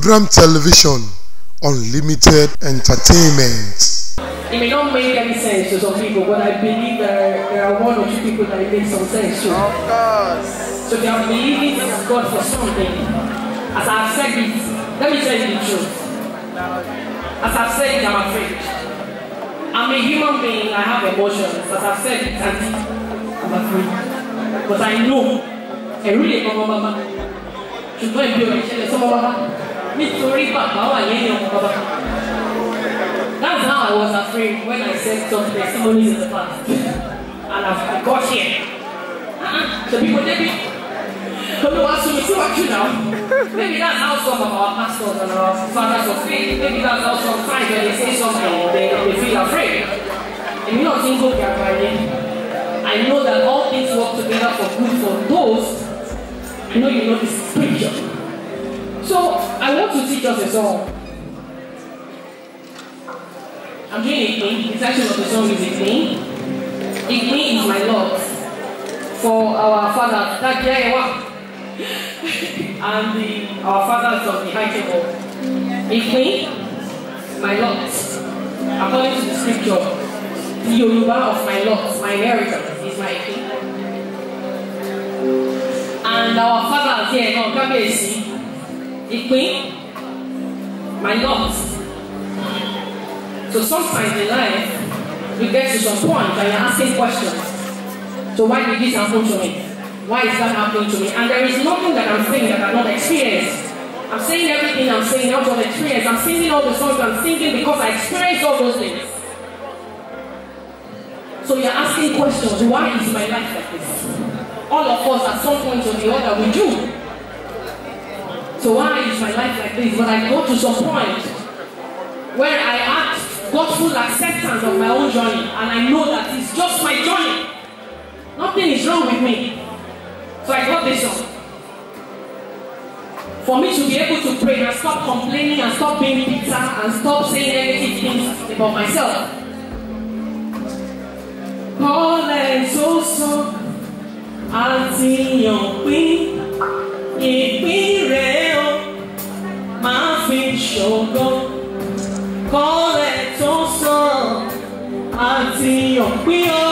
Drum Television, unlimited entertainment. It may not make any sense to some people, but I believe there, there are one or two people that it makes some sense to. Of course. So they are believing God for something. As I've said it, let me tell you the truth. As I've said it, I'm afraid. I'm a human being, I have emotions. As I've said it, I'm afraid. but I know ẹ̀rú lè kọ́ bàbá ṣùgbọ́n ìbí ọ̀rọ̀ ìṣẹ̀lẹ̀ sọ́mọ́ bàbá nítorí bàbá wà lẹ́yìn ọmọ bàbá. That's how I was afraid when I said some testimonies in the past and I've got here. So people did it. Uh-uh. Olúwa sọ mi síwájú náà. Maybe that's how some of our pastors and our fathers of faith, maybe that's how sometimes when they say something, they, they feel afraid. Èmi náà ti ń gòkè àgbáyé. I know that all things work together for good for those you know you know the scripture. So I want to teach us a song. I'm doing a thing. It's actually what the song is a thing. A thing is my Lord for our father. That yeah, and the, our fathers of the high table. A thing, my Lord, according to the scripture, the Yoruba of my Lord, my inheritance. And our father here, no, oh, Kabesi, the queen, my lord. So sometimes in life, we get to some point and you're asking questions. So why did this happen to me? Why is that happening to me? And there is nothing that I'm saying that I've not experienced. I'm saying everything I'm saying out of experience. I'm singing all the songs I'm singing because I experienced all those things. So you're asking questions, why is my life like this? All of us at some point or the other, we do. So why is my life like this? But I go to some point where I ask God full acceptance of my own journey and I know that it's just my journey. Nothing is wrong with me. So I got this song. For me to be able to pray and stop complaining and stop being bitter and stop saying negative things about myself mọ́lẹ̀ tó sàn àti yàn pín ìpín rẹ̀ ó máa fi ṣògo. Mọ́lẹ̀ tó sàn àti yàn pín ó.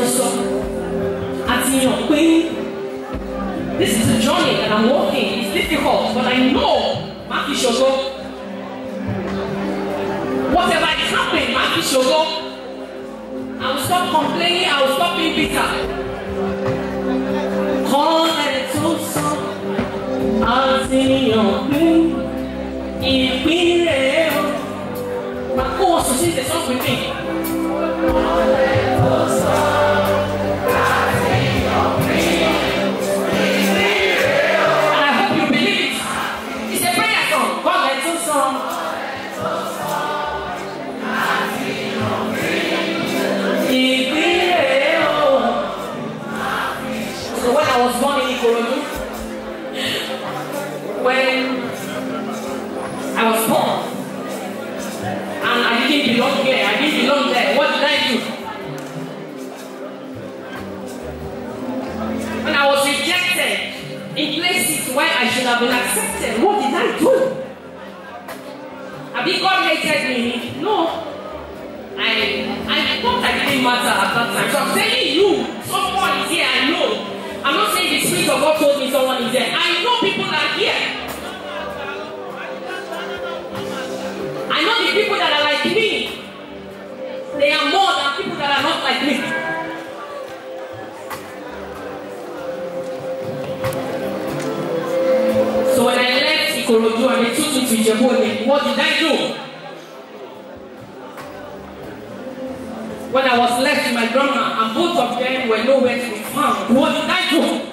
mo sọ àti yàn pé this is a journey that I'm walking it's difficult but I know má fi ṣògo whatever is happening má fi ṣògo I will stop complaining I will stop being bitter. Kọ́ ẹ̀ tó sọ àti yàn pé ìpínlẹ̀ ẹ̀ ma corso, siete, sono qui. when I was born. And I didn't belong here. I didn't belong there. What did I do? And I was rejected in places where I should have been accepted. What did I do? Have you God hated me? No. I I thought I didn't matter at that time. So I'm telling you, someone is here I know. I'm not saying the spirit of God So when I left Ikorodu and they took me to Ijebode, what did I do? When I was left with my grandma and both of them were nowhere to be found, what did I do?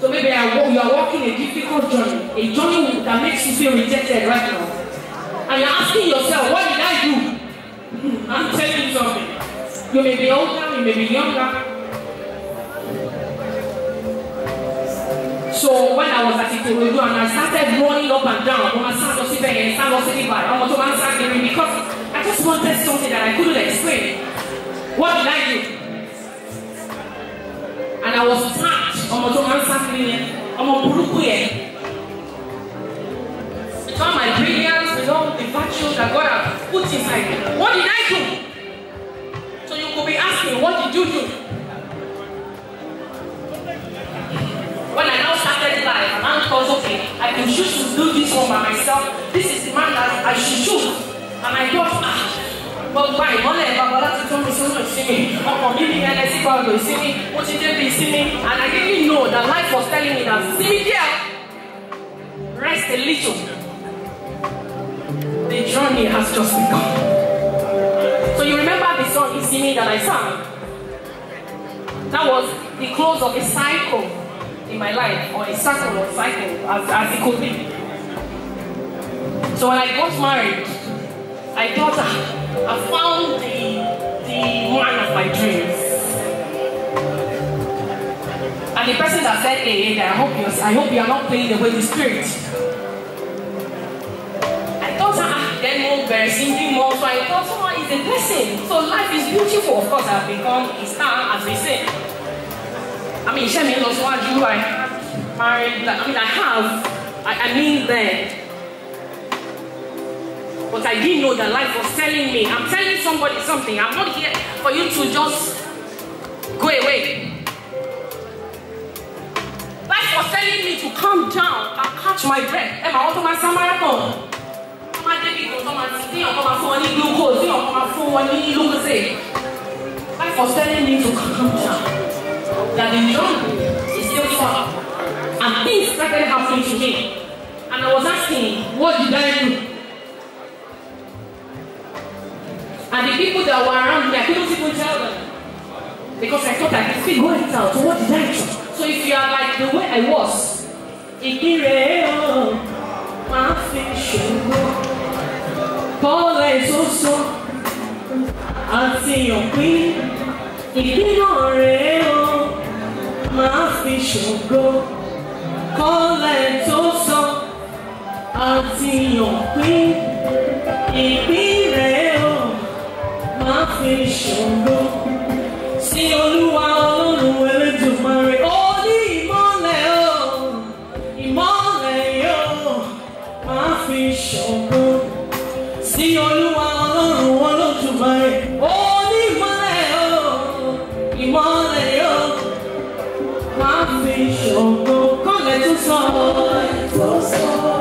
So maybe I, you are walking a difficult journey, a journey that makes you feel rejected right now. And you're asking yourself, what did I do? I'm telling you something. You may be older, you may be younger. So when I was at Ikorodu and I started running up and down, ọmọ sáà lọ síbẹ̀ yẹn, sáà lọ síbẹ̀ yẹn, ọmọ tó bá ń because I just wanted something that I couldn't put inside. What did I do? So you could be asking, what did you do? When I now started life, a man calls, okay, I can choose to do this one by myself. This is the man that I should choose. And I thought, ah, gbogbo àìmọ́lẹ̀ babalá ti tún mi sínú ìsinmi ọkàn mi ní ẹlẹ́sì gbọ́dọ̀ What mo ti débi ìsinmi and I didn't know that life was telling me that sinmi here, rest a little. the journey has just begun. So you remember the song Me that I sang? That was the close of a cycle in my life, or a circle or cycle, as, as it could be. So when I got married, I thought I, ah, I found the, the man of my dreams. And the person that said, hey, hey, I hope you I hope you are not playing the way the spirit very simply more, so I thought, oh, it's a blessing. So life is beautiful. Of course, I've become a star, as they say. I mean, Shemi knows what you I have married, I mean, I have, I, I mean there. But I didn't know that life was telling me. I'm telling somebody something. I'm not here for you to just go away. Life was telling me to calm down and catch my breath. And my automatic marathon. tó bá débi ìgbò máa ti tí ọkọ máa fún wọn ní glucose tí ọkọ máa fún wọn ní glucose life was telling me to calm down that the young is still far and things started happening to me and I was asking what did I do and the people that were around me I couldn't even tell them because I thought I could still go and tell so what did I do so if you are like the way I was ìkírè ó máa fi ṣòro. Paul est soso àti òpin ìdínà rẹ̀ o máa fi ṣògo. Paul est soso àti òpin ìpín rẹ̀ o máa fi ṣògo. Sí Olúwa Ọlọ́run Elédùmarè ó ní ìmọ́lẹ̀ o ìmọ́lẹ̀ yóò máa fi ṣògo sí olúwa ọlọ́run wọn ló túbọ̀ rẹ̀ ó ní ìmọ́lẹ̀ o ìmọ́lẹ̀ o máa fi ṣògo kọ́lẹ̀ tó sọ ẹ̀ tó sọ.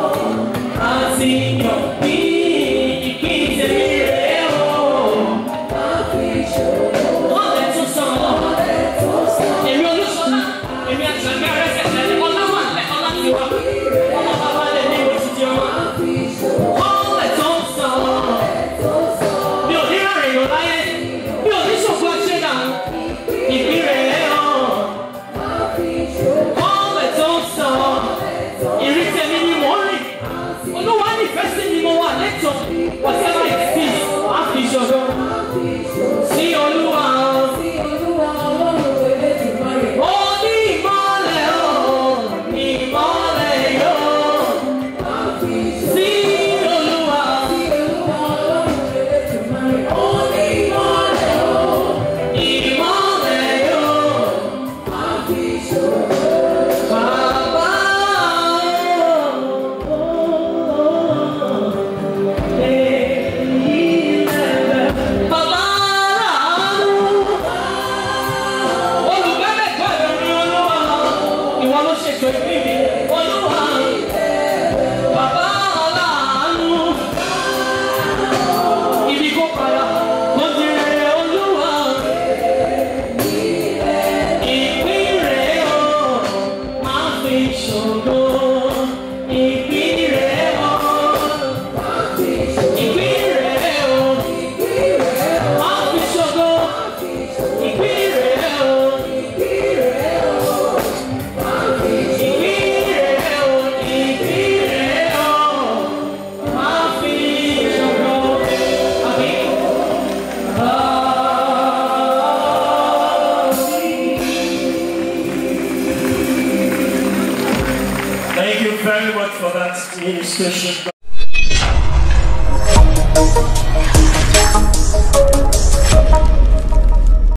Sim.